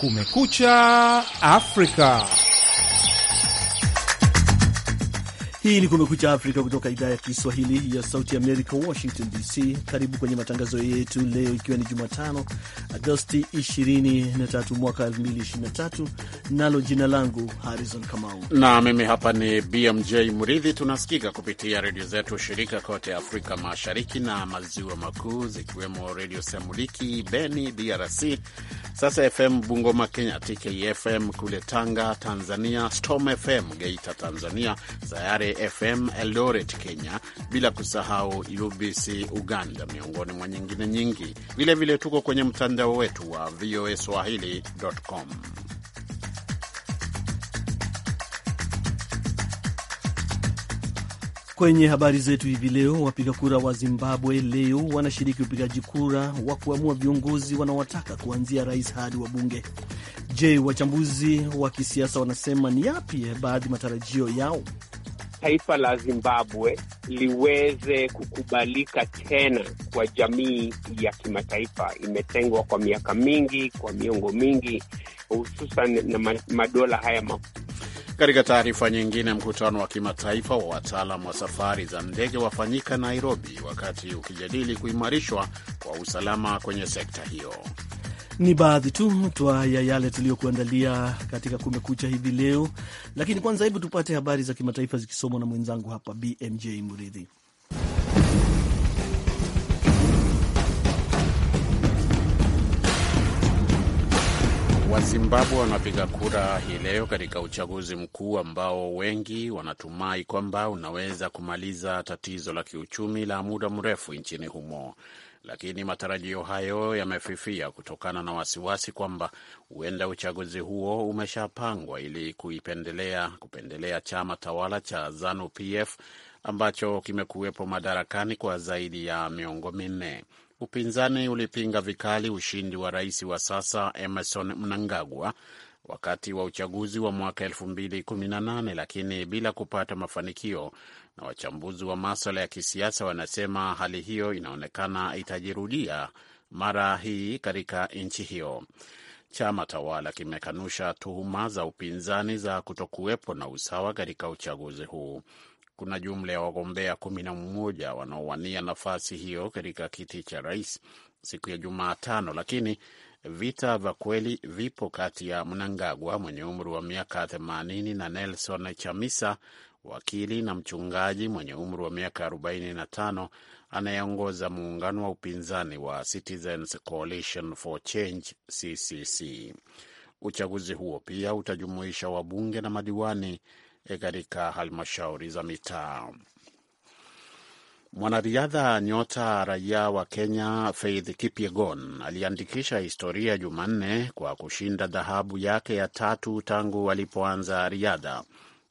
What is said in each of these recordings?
Kumekucha Afrika. Hii ni Kumekucha Afrika kutoka idhaa ya Kiswahili ya Sauti Amerika, Washington DC. Karibu kwenye matangazo yetu leo, ikiwa ni Jumatano Agosti 23 mwaka 2023, nalo jina langu Harrison Kamau na mimi hapa ni BMJ Mridhi. Tunasikika kupitia redio zetu shirika kote Afrika Mashariki na Maziwa Makuu, zikiwemo Redio Semuliki Beni DRC, Sasa FM Bungoma Kenya, TKFM kule Tanga Tanzania, Storm FM Geita Tanzania, Sayare FM Eldoret, Kenya, bila kusahau UBC Uganda, miongoni mwa nyingine nyingi. Vilevile vile tuko kwenye mtandao wetu wa VOA swahili.com. Kwenye habari zetu hivi leo, wapiga kura wa Zimbabwe leo wanashiriki upigaji kura wa kuamua viongozi wanaowataka kuanzia rais hadi wabunge. Je, wachambuzi wa kisiasa wanasema ni yapi baadhi matarajio yao? taifa la Zimbabwe liweze kukubalika tena kwa jamii ya kimataifa. Imetengwa kwa miaka mingi, kwa miongo mingi, hususan na madola haya makubwa. Katika taarifa nyingine, mkutano wa kimataifa wa wataalam wa safari za ndege wafanyika Nairobi, wakati ukijadili kuimarishwa kwa usalama kwenye sekta hiyo. Ni baadhi tu twa ya yale tuliyokuandalia katika Kumekucha hivi leo, lakini kwanza, hebu tupate habari za kimataifa zikisomwa na mwenzangu hapa BMJ Muridhi. Wazimbabwe wanapiga kura hii leo katika uchaguzi mkuu ambao wengi wanatumai kwamba unaweza kumaliza tatizo la kiuchumi la muda mrefu nchini humo, lakini matarajio hayo yamefifia kutokana na wasiwasi kwamba huenda uchaguzi huo umeshapangwa ili kuipendelea kupendelea chama tawala cha ZANU PF ambacho kimekuwepo madarakani kwa zaidi ya miongo minne. Upinzani ulipinga vikali ushindi wa rais wa sasa Emerson Mnangagwa wakati wa uchaguzi wa mwaka 2018 lakini bila kupata mafanikio, na wachambuzi wa maswala ya kisiasa wanasema hali hiyo inaonekana itajirudia mara hii katika nchi hiyo. Chama tawala kimekanusha tuhuma za upinzani za kutokuwepo na usawa katika uchaguzi huu kuna jumla ya wagombea kumi na mmoja wanaowania nafasi hiyo katika kiti cha rais siku ya Jumatano, lakini vita vya kweli vipo kati ya Mnangagwa mwenye umri wa miaka themanini na Nelson Chamisa, wakili na mchungaji mwenye umri wa miaka 45 anayeongoza muungano wa upinzani wa Citizens Coalition for Change CCC. Uchaguzi huo pia utajumuisha wabunge na madiwani Eh, katika halmashauri za mitaa. Mwanariadha nyota raia wa Kenya Faith Kipyegon aliandikisha historia Jumanne kwa kushinda dhahabu yake ya tatu tangu alipoanza riadha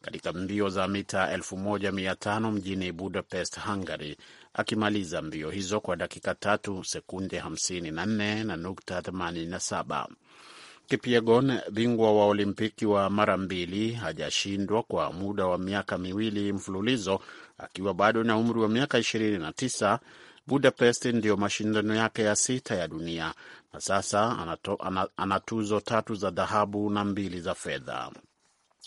katika mbio za mita 1500 mjini Budapest, Hungary, akimaliza mbio hizo kwa dakika tatu sekunde 54 na nukta 87. Kipiegon, bingwa wa Olimpiki wa mara mbili, hajashindwa kwa muda wa miaka miwili mfululizo akiwa bado na umri wa miaka 29. Budapest ndiyo mashindano yake ya sita ya dunia na sasa ana tuzo tatu za dhahabu na mbili za fedha.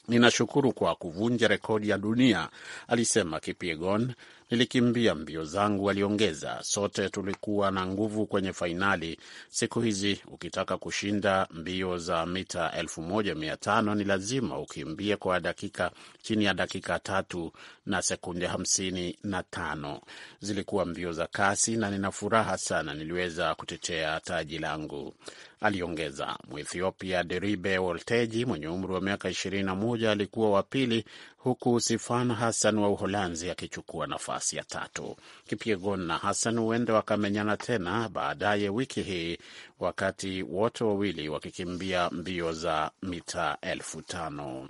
Ninashukuru kwa kuvunja rekodi ya dunia, alisema Kipiegon Nilikimbia mbio zangu, aliongeza. Sote tulikuwa na nguvu kwenye fainali. Siku hizi ukitaka kushinda mbio za mita 1500 ni lazima ukimbie kwa dakika chini ya dakika tatu na sekunde 55. Zilikuwa mbio za kasi na nina furaha sana niliweza kutetea taji langu aliongeza. Mwethiopia Deribe Wolteji mwenye umri wa miaka 21 alikuwa wa pili, huku Sifan Hassan wa Uholanzi akichukua nafasi ya tatu. Kipyegon na Hassan huenda wakamenyana tena baadaye wiki hii, wakati wote wawili wakikimbia mbio za mita elfu tano.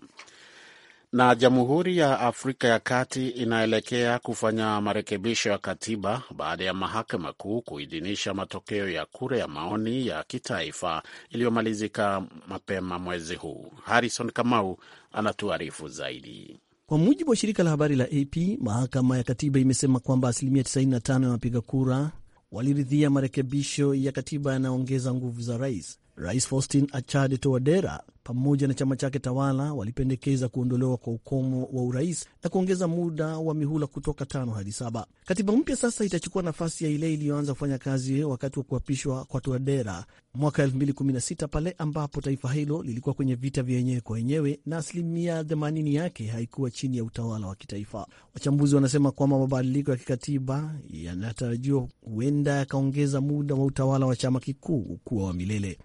Na Jamhuri ya Afrika ya Kati inaelekea kufanya marekebisho ya katiba baada ya mahakama kuu kuidhinisha matokeo ya kura ya maoni ya kitaifa iliyomalizika mapema mwezi huu. Harrison Kamau anatuarifu zaidi. Kwa mujibu wa shirika la habari la AP, mahakama ya katiba imesema kwamba asilimia 95 ya wapiga kura waliridhia marekebisho ya katiba yanayoongeza nguvu za rais Rais Faustin Achade Towadera pamoja na chama chake tawala walipendekeza kuondolewa kwa ukomo wa urais na kuongeza muda wa mihula kutoka tano hadi saba. Katiba mpya sasa itachukua nafasi ya ile iliyoanza kufanya kazi wakati wa kuapishwa kwa Tuadera mwaka 2016 pale ambapo taifa hilo lilikuwa kwenye vita vya wenyewe kwa wenyewe na asilimia 80 yake haikuwa chini ya utawala wa kitaifa. Wachambuzi wanasema kwamba mabadiliko ya kikatiba yanatarajiwa huenda yakaongeza muda wa utawala wa chama kikuu kuwa wa milele.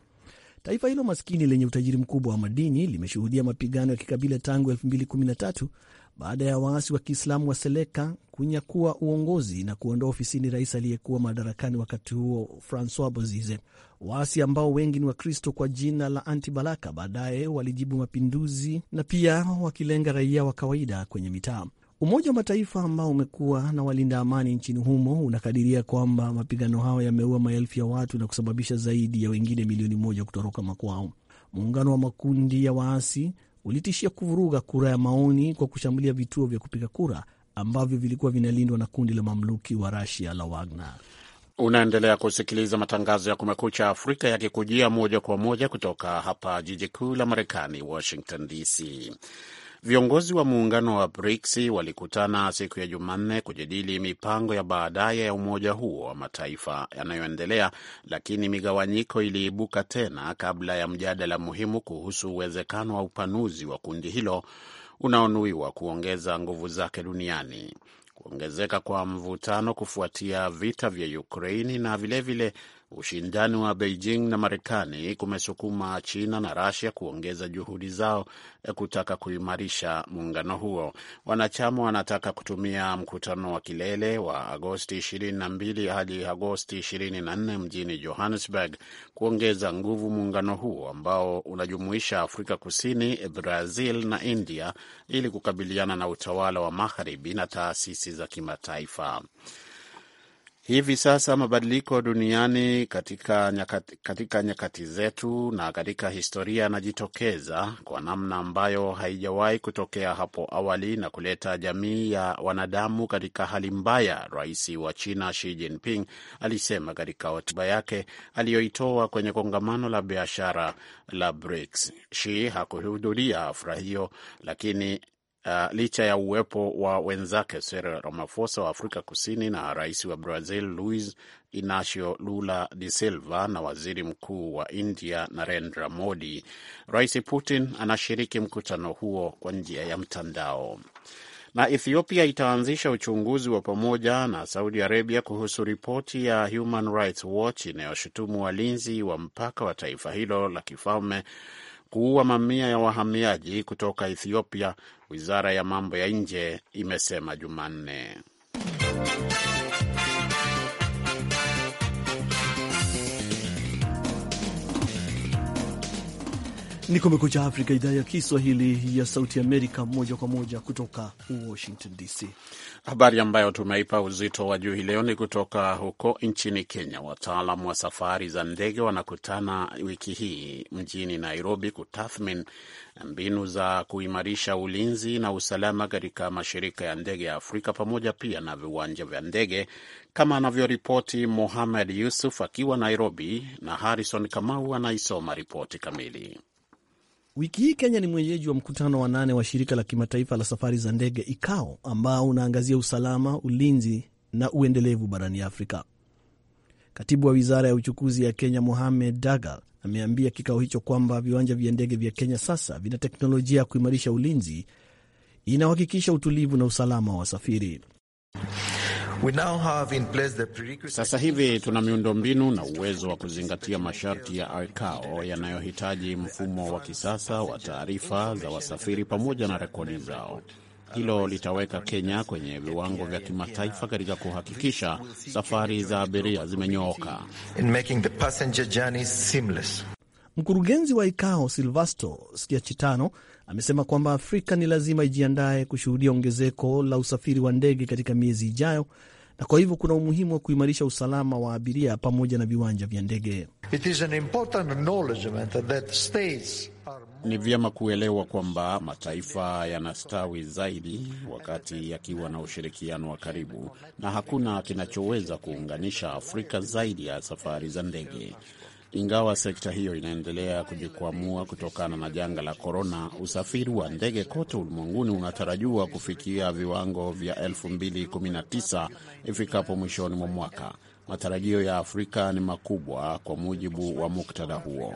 Taifa hilo maskini lenye utajiri mkubwa wa madini limeshuhudia mapigano ya kikabila tangu 2013 baada ya waasi wa Kiislamu wa Seleka kunyakua uongozi na kuondoa ofisini rais aliyekuwa madarakani wakati huo Francois Bozize. Waasi ambao wengi ni Wakristo kwa jina la Anti-Balaka baadaye walijibu mapinduzi na pia wakilenga raia wa kawaida kwenye mitaa. Umoja wa Mataifa ambao umekuwa na walinda amani nchini humo unakadiria kwamba mapigano hayo yameua maelfu ya watu na kusababisha zaidi ya wengine milioni moja kutoroka makwao. Muungano wa makundi ya waasi ulitishia kuvuruga kura ya maoni kwa kushambulia vituo vya kupiga kura ambavyo vilikuwa vinalindwa na kundi la mamluki wa Rasia la Wagner. Unaendelea kusikiliza matangazo ya Kumekucha Afrika yakikujia moja kwa moja kutoka hapa jiji kuu la Marekani, Washington DC. Viongozi wa muungano wa BRICS walikutana siku ya Jumanne kujadili mipango ya baadaye ya umoja huo wa mataifa yanayoendelea, lakini migawanyiko iliibuka tena kabla ya mjadala muhimu kuhusu uwezekano wa upanuzi wa kundi hilo unaonuiwa kuongeza nguvu zake duniani. Kuongezeka kwa mvutano kufuatia vita vya Ukraini na vilevile Ushindani wa Beijing na Marekani kumesukuma China na Rasia kuongeza juhudi zao kutaka kuimarisha muungano huo. Wanachama wanataka kutumia mkutano wa kilele wa Agosti 22 hadi Agosti 24 mjini Johannesburg kuongeza nguvu muungano huo ambao unajumuisha Afrika Kusini, Brazil na India ili kukabiliana na utawala wa magharibi na taasisi za kimataifa. Hivi sasa mabadiliko duniani katika nyakati, katika nyakati zetu na katika historia yanajitokeza kwa namna ambayo haijawahi kutokea hapo awali na kuleta jamii ya wanadamu katika hali mbaya, rais wa China Xi Jinping alisema katika hotuba yake aliyoitoa kwenye kongamano la biashara la BRICS. Xi hakuhudhuria hafla hiyo, lakini uh, licha ya uwepo wa wenzake Cyril Ramaphosa wa Afrika Kusini na rais wa Brazil Luiz Inacio Lula de Silva na waziri mkuu wa India Narendra Modi, Rais Putin anashiriki mkutano huo kwa njia ya mtandao. Na Ethiopia itaanzisha uchunguzi wa pamoja na Saudi Arabia kuhusu ripoti ya Human Rights Watch inayoshutumu walinzi wa mpaka wa taifa hilo la kifalme kuua mamia ya wahamiaji kutoka Ethiopia wizara ya mambo ya nje imesema Jumanne. Ni Kumekucha Afrika, idhaa ya Kiswahili ya Sauti Amerika, moja kwa moja kutoka Washington DC. Habari ambayo tumeipa uzito wa juu hii leo ni kutoka huko nchini Kenya. Wataalam wa safari za ndege wanakutana wiki hii mjini Nairobi kutathmin mbinu za kuimarisha ulinzi na usalama katika mashirika ya ndege ya Afrika pamoja pia na viwanja vya ndege, kama anavyoripoti Mohamed Yusuf akiwa Nairobi, na Harrison Kamau anaisoma ripoti kamili. Wiki hii Kenya ni mwenyeji wa mkutano wa nane wa shirika la kimataifa la safari za ndege ICAO, ambao unaangazia usalama, ulinzi na uendelevu barani Afrika. Katibu wa wizara ya uchukuzi ya Kenya Mohamed Dagal ameambia kikao hicho kwamba viwanja vya ndege vya Kenya sasa vina teknolojia ya kuimarisha ulinzi, inahakikisha utulivu na usalama wa wasafiri. We now have in place the prerequisite... Sasa hivi tuna miundombinu na uwezo wa kuzingatia masharti ya ICAO yanayohitaji mfumo wa kisasa wa taarifa za wasafiri pamoja na rekodi zao. Hilo litaweka Kenya kwenye viwango vya kimataifa katika kuhakikisha safari za abiria zimenyooka. Mkurugenzi wa ICAO Silvasto Schiacitano amesema kwamba Afrika ni lazima ijiandae kushuhudia ongezeko la usafiri wa ndege katika miezi ijayo na kwa hivyo kuna umuhimu wa kuimarisha usalama wa abiria pamoja na viwanja vya ndege. Ni vyema kuelewa kwamba mataifa yanastawi zaidi wakati yakiwa na ushirikiano wa karibu, na hakuna kinachoweza kuunganisha Afrika zaidi ya safari za ndege. Ingawa sekta hiyo inaendelea kujikwamua kutokana na janga la korona, usafiri wa ndege kote ulimwenguni unatarajiwa kufikia viwango vya 2019 ifikapo mwishoni mwa mwaka. Matarajio ya Afrika ni makubwa kwa mujibu wa muktadha huo.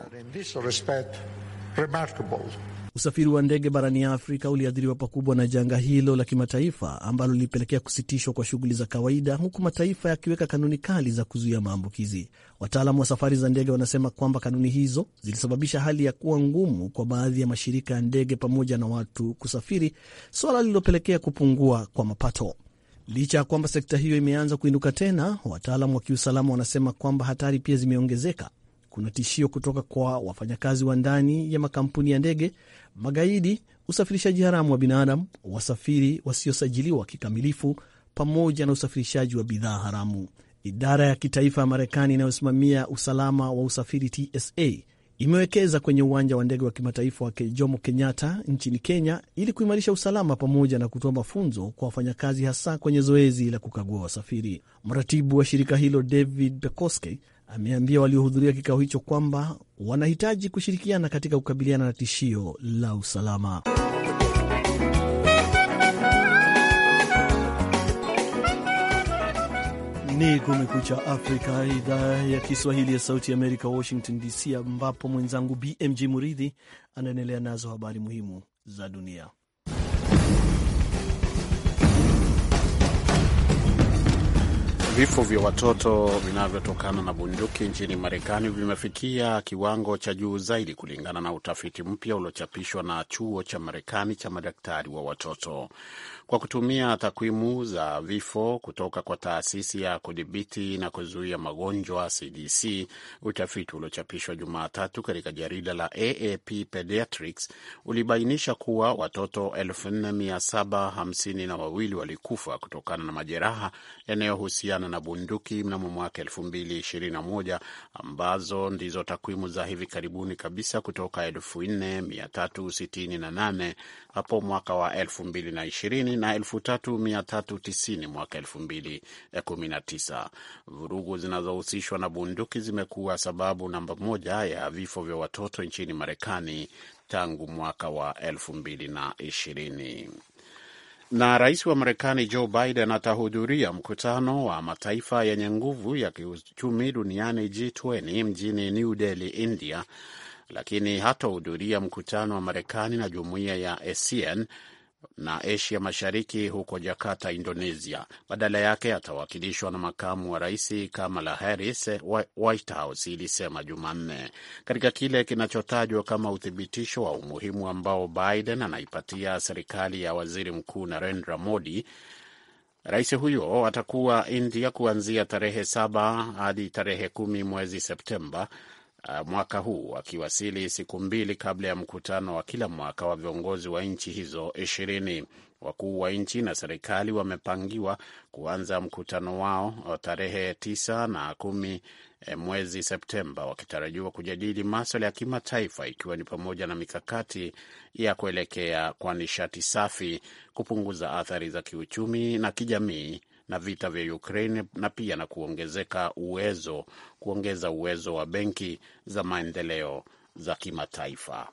Usafiri wa ndege barani ya Afrika uliathiriwa pakubwa na janga hilo la kimataifa ambalo lilipelekea kusitishwa kwa shughuli za kawaida, huku mataifa yakiweka kanuni kali za kuzuia maambukizi. Wataalamu wa safari za ndege wanasema kwamba kanuni hizo zilisababisha hali ya kuwa ngumu kwa baadhi ya mashirika ya ndege pamoja na watu kusafiri, suala lililopelekea kupungua kwa mapato. Licha ya kwamba sekta hiyo imeanza kuinuka tena, wataalamu wa kiusalama wanasema kwamba hatari pia zimeongezeka kuna tishio kutoka kwa wafanyakazi wa ndani ya makampuni ya ndege, magaidi, usafirishaji haramu wa binadamu, wasafiri wasiosajiliwa kikamilifu, pamoja na usafirishaji wa bidhaa haramu. Idara ya kitaifa ya Marekani inayosimamia usalama wa usafiri TSA imewekeza kwenye uwanja wa ndege wa kimataifa wa Jomo Kenyatta nchini Kenya ili kuimarisha usalama pamoja na kutoa mafunzo kwa wafanyakazi, hasa kwenye zoezi la kukagua wasafiri. Mratibu wa shirika hilo David Pekoske ameambia waliohudhuria kikao hicho kwamba wanahitaji kushirikiana katika kukabiliana na tishio la usalama. Ni Kumekucha Afrika, idhaa ya Kiswahili ya Sauti ya Amerika, Washington DC, ambapo mwenzangu BMG Muridhi anaendelea nazo habari muhimu za dunia. Vifo vya watoto vinavyotokana na bunduki nchini Marekani vimefikia kiwango cha juu zaidi kulingana na utafiti mpya uliochapishwa na chuo cha Marekani cha madaktari wa watoto kwa kutumia takwimu za vifo kutoka kwa taasisi ya kudhibiti na kuzuia magonjwa CDC. Utafiti uliochapishwa Jumatatu katika jarida la AAP Pediatrics ulibainisha kuwa watoto 4752 na wawili walikufa kutokana na majeraha yanayohusiana na bunduki mnamo mwaka 2021 ambazo ndizo takwimu za hivi karibuni kabisa kutoka 4368 hapo mwaka wa 2020 Marekani na 3390 mwaka 2019. Eh, Vurugu zinazohusishwa na bunduki zimekuwa sababu namba moja ya vifo vya watoto nchini Marekani tangu mwaka wa 2020 na rais wa Marekani Joe Biden atahudhuria mkutano wa mataifa yenye nguvu ya kiuchumi duniani G20 mjini New Delhi, India, lakini hatahudhuria mkutano wa Marekani na jumuiya ya ASEAN na Asia Mashariki huko Jakarta, Indonesia. Badala yake atawakilishwa na makamu wa rais Kamala Harris, White House ilisema Jumanne, katika kile kinachotajwa kama uthibitisho wa umuhimu ambao Biden anaipatia serikali ya waziri mkuu Narendra Modi. Rais huyo atakuwa India kuanzia tarehe saba hadi tarehe kumi mwezi Septemba Uh, mwaka huu, akiwasili siku mbili kabla ya mkutano wa kila mwaka wa viongozi wa nchi hizo ishirini. Wakuu wa nchi na serikali wamepangiwa kuanza mkutano wao uh, tarehe tisa na kumi eh, mwezi Septemba, wakitarajiwa kujadili maswala ya kimataifa ikiwa ni pamoja na mikakati ya kuelekea kwa nishati safi, kupunguza athari za kiuchumi na kijamii na vita vya Ukraine na pia na kuongezeka uwezo kuongeza uwezo wa benki za maendeleo za kimataifa.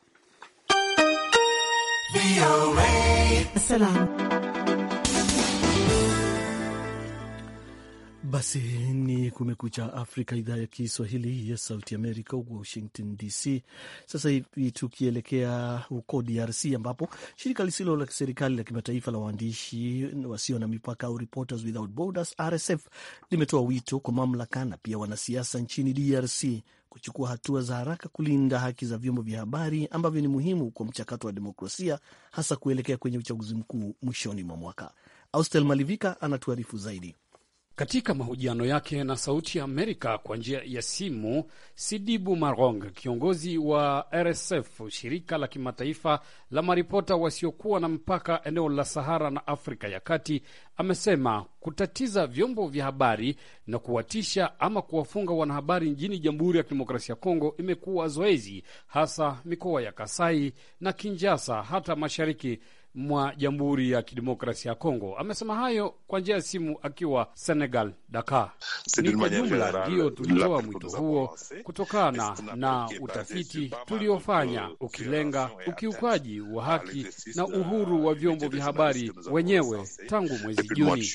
Basi ni Kumekucha Afrika, idhaa ya Kiswahili ya Sauti Amerika, Washington DC. Sasa hivi tukielekea huko DRC ambapo shirika lisilo la serikali la kimataifa la waandishi wasio na mipaka au Reporters Without Borders, RSF, limetoa wito kwa mamlaka na pia wanasiasa nchini DRC kuchukua hatua za haraka kulinda haki za vyombo vya habari ambavyo ni muhimu kwa mchakato wa demokrasia, hasa kuelekea kwenye uchaguzi mkuu mwishoni mwa mwaka. Austel Malivika anatuarifu zaidi. Katika mahojiano yake na Sauti ya Amerika kwa njia ya simu, Sidibu Marong, kiongozi wa RSF, shirika la kimataifa la maripota wasiokuwa na mpaka eneo la Sahara na Afrika ya Kati, amesema kutatiza vyombo vya habari na kuwatisha ama kuwafunga wanahabari nchini Jamhuri ya Kidemokrasia ya Kongo imekuwa zoezi, hasa mikoa ya Kasai na Kinjasa, hata mashariki mwa Jamhuri ya Kidemokrasia ya Kongo. Amesema hayo kwa njia ya simu akiwa Senegal, Dakar. Ni kwa jumla ndiyo tulitoa mwito huo kutokana na utafiti tuliofanya ukilenga ukiukaji wa haki na uhuru wa vyombo vya habari wenyewe tangu mwezi Juni.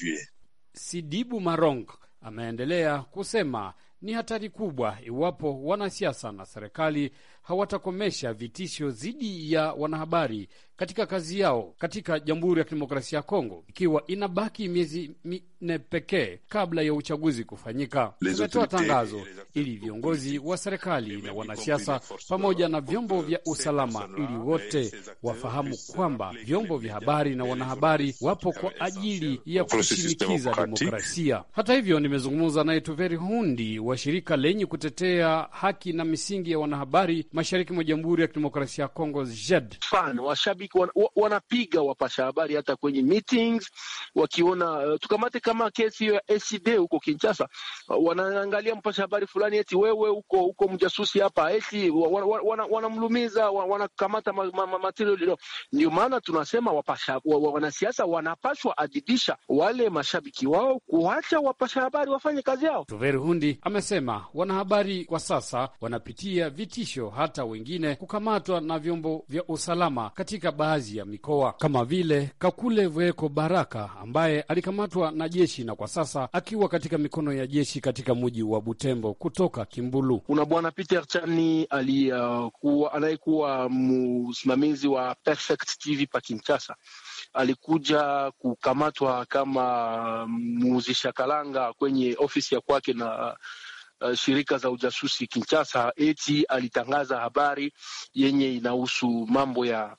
Sidibu Marong ameendelea kusema ni hatari kubwa iwapo wanasiasa na serikali hawatakomesha vitisho dhidi ya wanahabari katika kazi yao katika Jamhuri ya Kidemokrasia ya Kongo, ikiwa inabaki miezi minne pekee kabla ya uchaguzi kufanyika. Tumetoa tangazo ili viongozi wa serikali na wanasiasa pamoja na vyombo vya usalama, ili wote wafahamu kwamba vyombo vya habari na wanahabari wapo kwa ajili ya kushinikiza demokrasia. Hata hivyo, nimezungumza naye Tuveri Hundi wa shirika lenye kutetea haki na misingi ya wanahabari mashariki mwa Jamhuri ya Kidemokrasia ya Kongo. Jed fan washabiki wan, wanapiga wapasha habari hata kwenye meetings wakiona uh, tukamate kama kesi hiyo ya ACD huko Kinshasa, uh, wanaangalia mpasha habari fulani eti wewe uko uko mjasusi hapa eti wanamlumiza, wana, wana wanakamata wana ma, ma, material you Ndio maana tunasema wapasha, wanasiasa wanapashwa adidisha wale mashabiki wao kuacha wapasha habari wafanye kazi yao. Tuveri Hundi amesema wanahabari kwa sasa wanapitia vitisho hata wengine kukamatwa na vyombo vya usalama katika baadhi ya mikoa kama vile Kakule Vweko Baraka ambaye alikamatwa na jeshi na kwa sasa akiwa katika mikono ya jeshi katika mji wa Butembo kutoka Kimbulu. Kuna bwana Peter Chani aliyekuwa uh, anayekuwa msimamizi wa Perfect TV pa Kinshasa alikuja kukamatwa kama mm, muuzisha kalanga kwenye ofisi ya kwake na uh, shirika za ujasusi Kinshasa eti alitangaza habari yenye inahusu mambo ya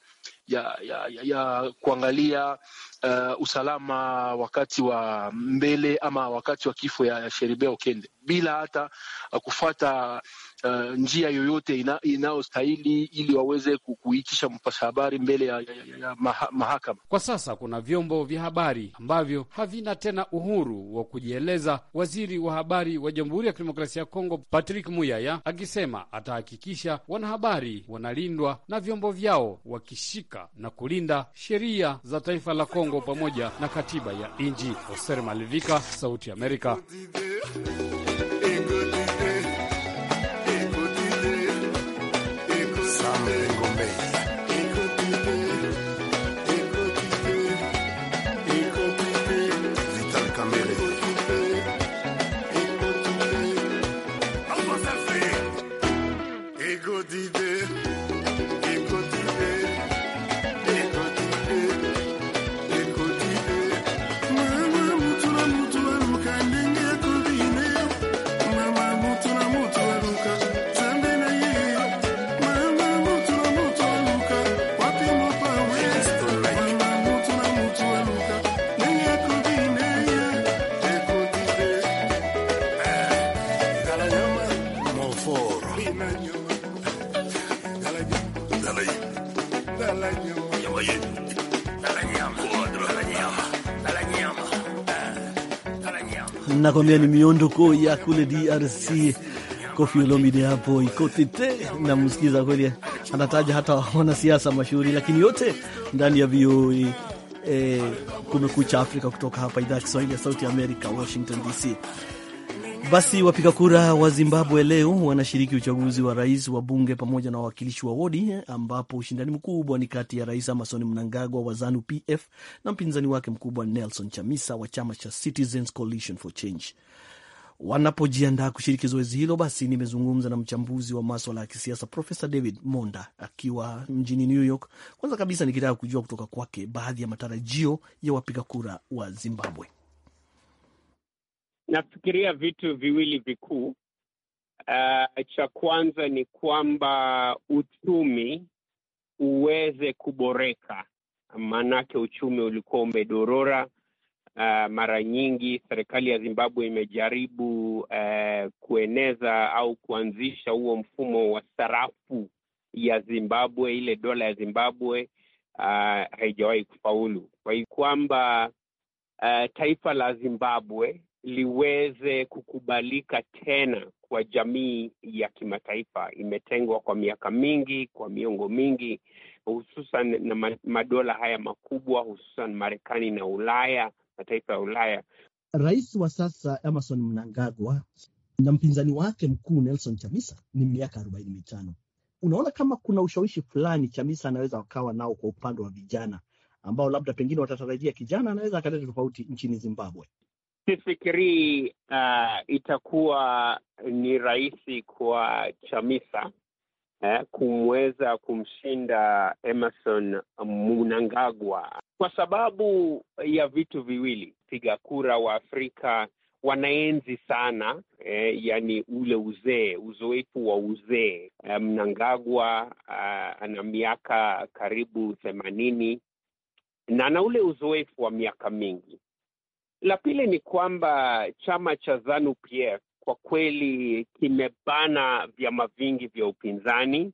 ya, ya, ya, ya kuangalia uh, usalama wakati wa mbele ama wakati wa kifo ya Sheribe Okende bila hata uh, kufata Uh, njia yoyote inayostahili ili waweze kuitisha mpasha habari mbele ya, ya, ya maha, mahakama. Kwa sasa kuna vyombo vya habari ambavyo havina tena uhuru wa kujieleza. Waziri wa habari wa Jamhuri ya Kidemokrasia ya Kongo Patrick Muyaya akisema atahakikisha wanahabari wanalindwa na vyombo vyao wakishika na kulinda sheria za taifa la Kongo pamoja na katiba ya nchi. Hoser Malivika, Sauti Amerika. Ego nakwambia ni miondoko ya kule DRC. Kofi Olomide hapo iko namsikiza kweli, anataja hata wanasiasa mashuhuri, lakini yote ndani ya VOA eh, Kumekucha Afrika kutoka hapa idhaa ya Kiswahili ya Sauti ya Amerika, Washington DC. Basi wapiga kura wa Zimbabwe leo wanashiriki uchaguzi wa rais wa bunge pamoja na wawakilishi wa wodi, ambapo ushindani mkubwa ni kati ya Rais Emmerson Mnangagwa wa ZANU PF na mpinzani wake mkubwa Nelson Chamisa wa chama cha Citizens Coalition for Change. Wanapojiandaa kushiriki zoezi hilo, basi nimezungumza na mchambuzi wa maswala ya kisiasa Profesa David Monda akiwa mjini New York. Kwanza kabisa nikitaka kujua kutoka kwake baadhi ya matarajio ya wapiga kura wa Zimbabwe. Nafikiria vitu viwili vikuu. Uh, cha kwanza ni kwamba uchumi uweze kuboreka, maanake uchumi ulikuwa umedorora. Uh, mara nyingi serikali ya Zimbabwe imejaribu uh, kueneza au kuanzisha huo mfumo wa sarafu ya Zimbabwe, ile dola ya Zimbabwe uh, haijawahi kufaulu. Kwa hiyo kwamba uh, taifa la Zimbabwe liweze kukubalika tena kwa jamii ya kimataifa. Imetengwa kwa miaka mingi, kwa miongo mingi, hususan na madola haya makubwa, hususan Marekani na Ulaya, mataifa ya Ulaya. Rais wa sasa Emerson Mnangagwa na mpinzani wake mkuu Nelson Chamisa ni miaka arobaini mitano. Unaona kama kuna ushawishi fulani Chamisa anaweza wakawa nao kwa upande wa vijana ambao labda pengine watatarajia kijana anaweza akaleta tofauti nchini Zimbabwe. Sifikirii uh, itakuwa ni rahisi kwa Chamisa eh, kumweza kumshinda Emerson Mnangagwa kwa sababu ya vitu viwili. Piga kura wa Afrika wanaenzi sana eh, yani ule uzee, uzoefu wa uzee. Eh, Mnangagwa uh, ana miaka karibu themanini na ana ule uzoefu wa miaka mingi la pili ni kwamba chama cha ZANU-PF kwa kweli kimebana vyama vingi vya upinzani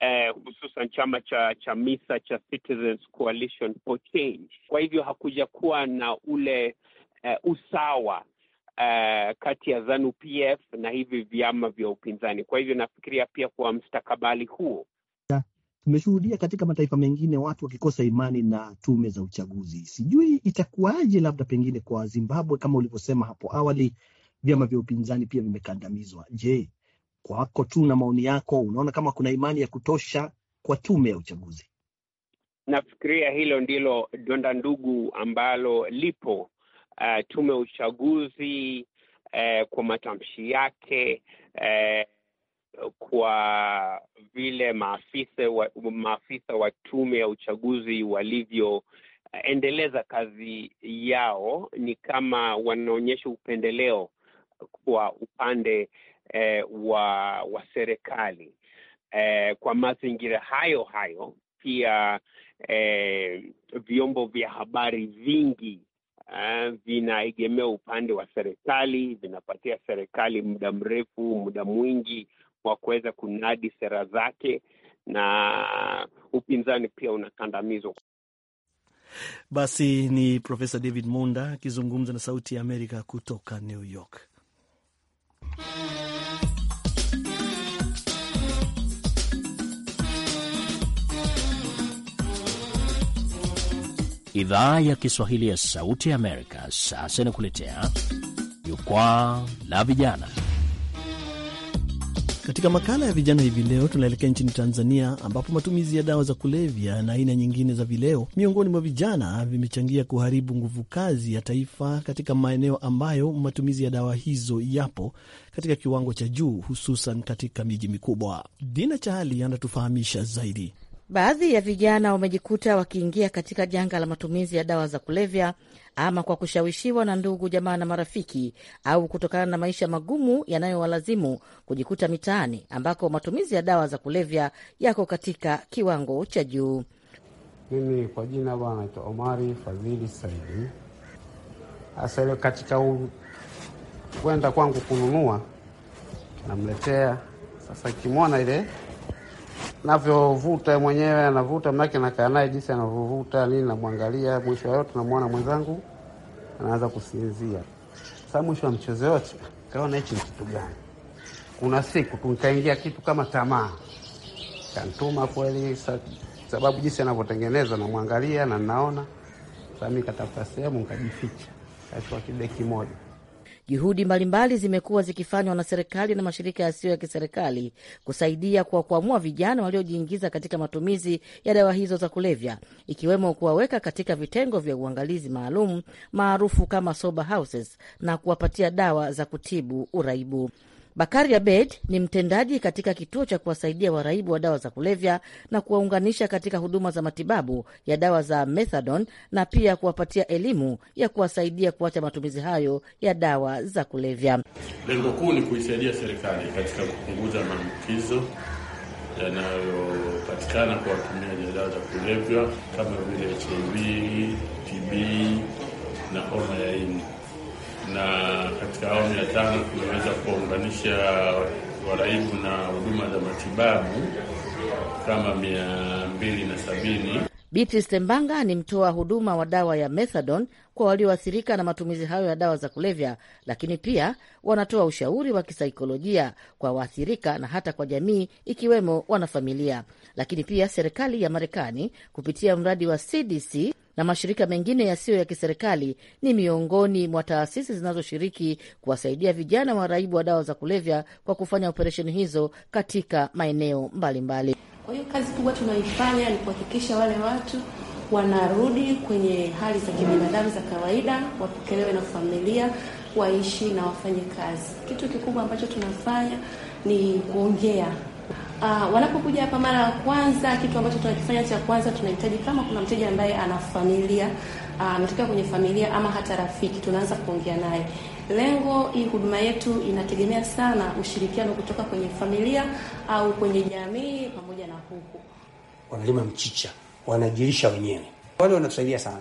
eh, hususan chama cha misa cha Citizens Coalition for Change. Kwa hivyo hakuja kuwa na ule eh, usawa eh, kati ya ZANU-PF na hivi vyama vya upinzani. Kwa hivyo nafikiria pia kwa mstakabali huo Tumeshuhudia katika mataifa mengine watu wakikosa imani na tume za uchaguzi. Sijui itakuwaje, labda pengine kwa Zimbabwe kama ulivyosema hapo awali, vyama vya upinzani pia vimekandamizwa. Je, kwako tu na maoni yako, unaona kama kuna imani ya kutosha kwa tume ya uchaguzi? Nafikiria hilo ndilo donda ndugu ambalo lipo uh, tume ya uchaguzi uh, kwa matamshi yake uh, kwa vile maafisa wa, maafisa wa tume ya uchaguzi walivyoendeleza kazi yao ni kama wanaonyesha upendeleo kwa upande eh, wa wa serikali. Eh, kwa mazingira hayo hayo pia eh, vyombo vya habari vingi Uh, vinaegemea upande wa serikali, vinapatia serikali muda mrefu, muda mwingi wa kuweza kunadi sera zake na upinzani pia unakandamizwa. Basi ni Profesa David Monda akizungumza na Sauti ya Amerika kutoka New York. Idhaa ya Kiswahili ya Sauti ya Amerika sasa inakuletea Jukwaa la Vijana. Katika makala ya vijana hivi leo tunaelekea nchini Tanzania ambapo matumizi ya dawa za kulevya na aina nyingine za vileo miongoni mwa vijana vimechangia kuharibu nguvu kazi ya taifa katika maeneo ambayo matumizi ya dawa hizo yapo katika kiwango cha juu, hususan katika miji mikubwa. Dina Chahali anatufahamisha zaidi. Baadhi ya vijana wamejikuta wakiingia katika janga la matumizi ya dawa za kulevya, ama kwa kushawishiwa na ndugu, jamaa na marafiki, au kutokana na maisha magumu yanayowalazimu kujikuta mitaani, ambako matumizi ya dawa za kulevya yako katika kiwango cha juu. Mimi kwa jina bwana naitwa Omari Fadhili Saidi. Hasa katika kwenda kwangu kununua, namletea sasa, kimwona ile navyovuta mwenyewe anavuta, maanake nakaa naye jinsi anavyovuta nini, namwangalia. Mwisho wa yote namwona mwenzangu anaanza kusinzia. Sasa mwisho wa mchezo yote kaona hichi ni kitu gani? Kuna siku tunkaingia kitu kama tamaa, kantuma kweli, sababu jinsi anavyotengeneza namwangalia na nnaona sami, katafuta sehemu nkajificha kachukua kideki moja Juhudi mbalimbali zimekuwa zikifanywa na serikali na mashirika yasiyo ya kiserikali kusaidia kuwakwamua vijana waliojiingiza katika matumizi ya dawa hizo za kulevya, ikiwemo kuwaweka katika vitengo vya uangalizi maalum maarufu kama sober houses na kuwapatia dawa za kutibu uraibu. Bakari Abed ni mtendaji katika kituo cha kuwasaidia waraibu wa dawa za kulevya na kuwaunganisha katika huduma za matibabu ya dawa za methadon na pia kuwapatia elimu ya kuwasaidia kuacha matumizi hayo ya dawa za kulevya. Lengo kuu ni kuisaidia serikali katika kupunguza maambukizo yanayopatikana kwa watumiaji wa dawa za kulevya kama vile HIV, TB na homa ya ini na katika awamu ya tano tumeweza kuunganisha waraibu na huduma za matibabu kama mia mbili na sabini. Beatrice Tembanga ni mtoa huduma wa dawa ya methadone kwa walioathirika na matumizi hayo ya dawa za kulevya, lakini pia wanatoa ushauri wa kisaikolojia kwa waathirika na hata kwa jamii, ikiwemo wanafamilia. Lakini pia serikali ya Marekani kupitia mradi wa CDC na mashirika mengine yasiyo ya kiserikali ni miongoni mwa taasisi zinazoshiriki kuwasaidia vijana waraibu wa dawa za kulevya kwa kufanya operesheni hizo katika maeneo mbalimbali. Kwa hiyo kazi kubwa tunaifanya ni kuhakikisha wale watu wanarudi kwenye hali za kibinadamu za kawaida, wapokelewe na familia, waishi na wafanye kazi. Kitu kikubwa ambacho tunafanya ni kuongea Uh, wanapokuja hapa mara ya kwanza, kitu ambacho tunakifanya cha kwanza, tunahitaji kama kuna mteja ambaye ana familia ah, ametoka uh, kwenye familia ama hata rafiki, tunaanza kuongea naye. Lengo, hii huduma yetu inategemea sana ushirikiano kutoka kwenye familia au kwenye jamii pamoja na huku. Wanalima mchicha, wanajilisha wenyewe, wale wanatusaidia sana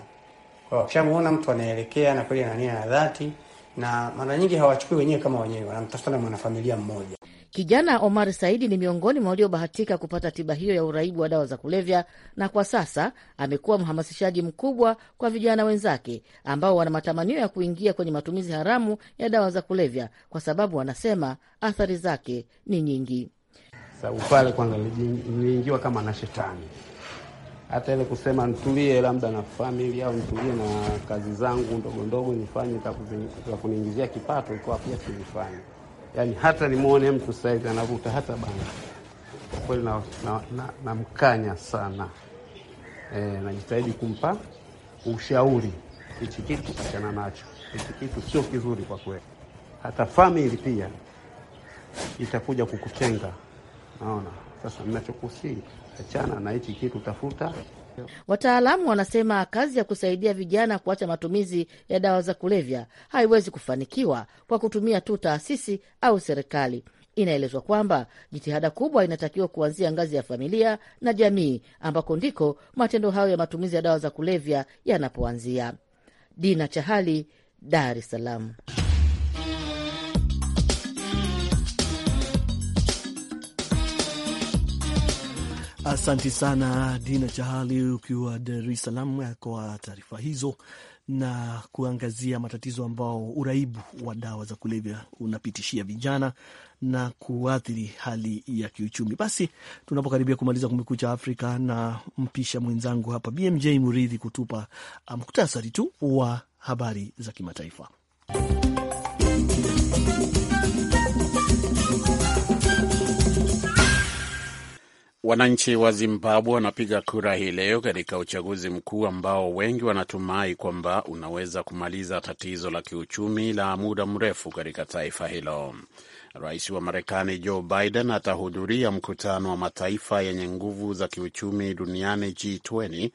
kwa wakishamuona mtu anaelekea na kweli ana nia na dhati, na mara nyingi hawachukui wenyewe kama wenyewe, wanamtafuta na mwanafamilia mmoja. Kijana Omar Saidi ni miongoni mwa waliobahatika kupata tiba hiyo ya uraibu wa dawa za kulevya, na kwa sasa amekuwa mhamasishaji mkubwa kwa vijana wenzake ambao wana matamanio ya kuingia kwenye matumizi haramu ya dawa za kulevya, kwa sababu wanasema athari zake ni nyingi. Pale kwanza niliingiwa kama na shetani, hata ile kusema nitulie labda na familia au nitulie na kazi zangu ndogondogo nifanye za kuniingizia kipato, ikawa pia silifanya yani hata nimwone mtu saa anavuta hata bangi kwa kweli namkanya na, na sana e, najitahidi kumpa ushauri, hichi kitu achana nacho, hichi kitu sio kizuri kwa kweli. Hata famili pia itakuja kukutenga. Naona sasa, ninachokusii achana na hichi kitu, tafuta Wataalamu wanasema kazi ya kusaidia vijana kuacha matumizi ya dawa za kulevya haiwezi kufanikiwa kwa kutumia tu taasisi au serikali. Inaelezwa kwamba jitihada kubwa inatakiwa kuanzia ngazi ya familia na jamii, ambako ndiko matendo hayo ya matumizi ya dawa za kulevya yanapoanzia. Dina Chahali, Dar es Salaam. Asanti sana Dina Chahali ukiwa Dar es Salaam kwa taarifa hizo na kuangazia matatizo ambao uraibu wa dawa za kulevya unapitishia vijana na kuathiri hali ya kiuchumi. Basi tunapokaribia kumaliza Kumekucha Afrika, na mpisha mwenzangu hapa BMJ Muridhi kutupa um, muktasari tu wa habari za kimataifa. Wananchi wa Zimbabwe wanapiga kura hii leo katika uchaguzi mkuu ambao wengi wanatumai kwamba unaweza kumaliza tatizo la kiuchumi la muda mrefu katika taifa hilo. Rais wa Marekani Joe Biden atahudhuria mkutano wa mataifa yenye nguvu za kiuchumi duniani G20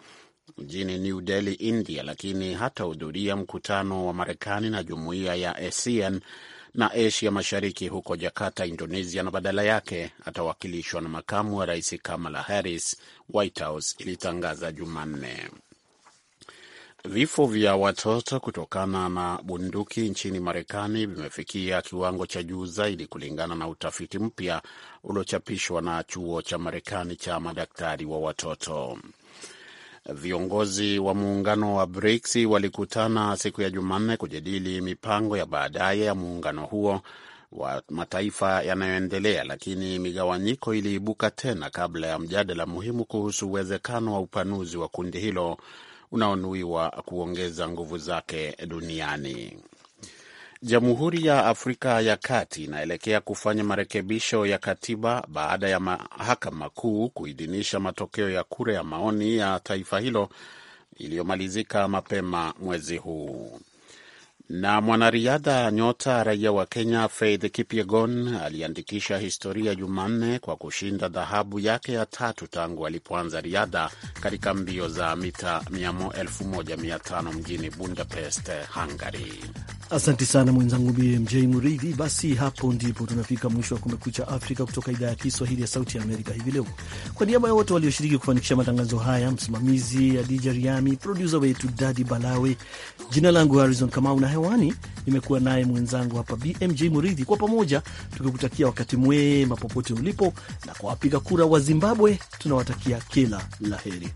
mjini New Delhi, India, lakini hatahudhuria mkutano wa Marekani na jumuiya ya ASEAN na Asia Mashariki huko Jakarta, Indonesia, na badala yake atawakilishwa na makamu wa rais Kamala Harris, White House ilitangaza Jumanne. Vifo vya watoto kutokana na bunduki nchini Marekani vimefikia kiwango cha juu zaidi kulingana na utafiti mpya uliochapishwa na chuo cha Marekani cha madaktari wa watoto. Viongozi wa muungano wa BRICS walikutana siku ya Jumanne kujadili mipango ya baadaye ya muungano huo wa mataifa yanayoendelea, lakini migawanyiko iliibuka tena kabla ya mjadala muhimu kuhusu uwezekano wa upanuzi wa kundi hilo unaonuiwa kuongeza nguvu zake duniani. Jamhuri ya Afrika ya Kati inaelekea kufanya marekebisho ya katiba baada ya mahakama kuu kuidhinisha matokeo ya kura ya maoni ya taifa hilo iliyomalizika mapema mwezi huu. Na mwanariadha nyota raia wa Kenya Faith Kipyegon aliandikisha historia Jumanne kwa kushinda dhahabu yake ya tatu tangu alipoanza riadha katika mbio za mita 1500 mjini Budapest, Hungary. Asante sana mwenzangu BMJ Muridhi. Basi hapo ndipo tunafika mwisho wa Kumekucha Afrika kutoka idhaa ya Kiswahili ya Sauti ya Amerika hivi leo. Kwa niaba ya wote walioshiriki kufanikisha matangazo haya, msimamizi Adija Riami, produsa wetu Dadi Balawe, jina langu Harizon Kamau na hewani nimekuwa naye mwenzangu hapa BMJ Muridhi, kwa pamoja tukikutakia wakati mwema popote ulipo, na kwa wapiga kura wa Zimbabwe tunawatakia kila la heri.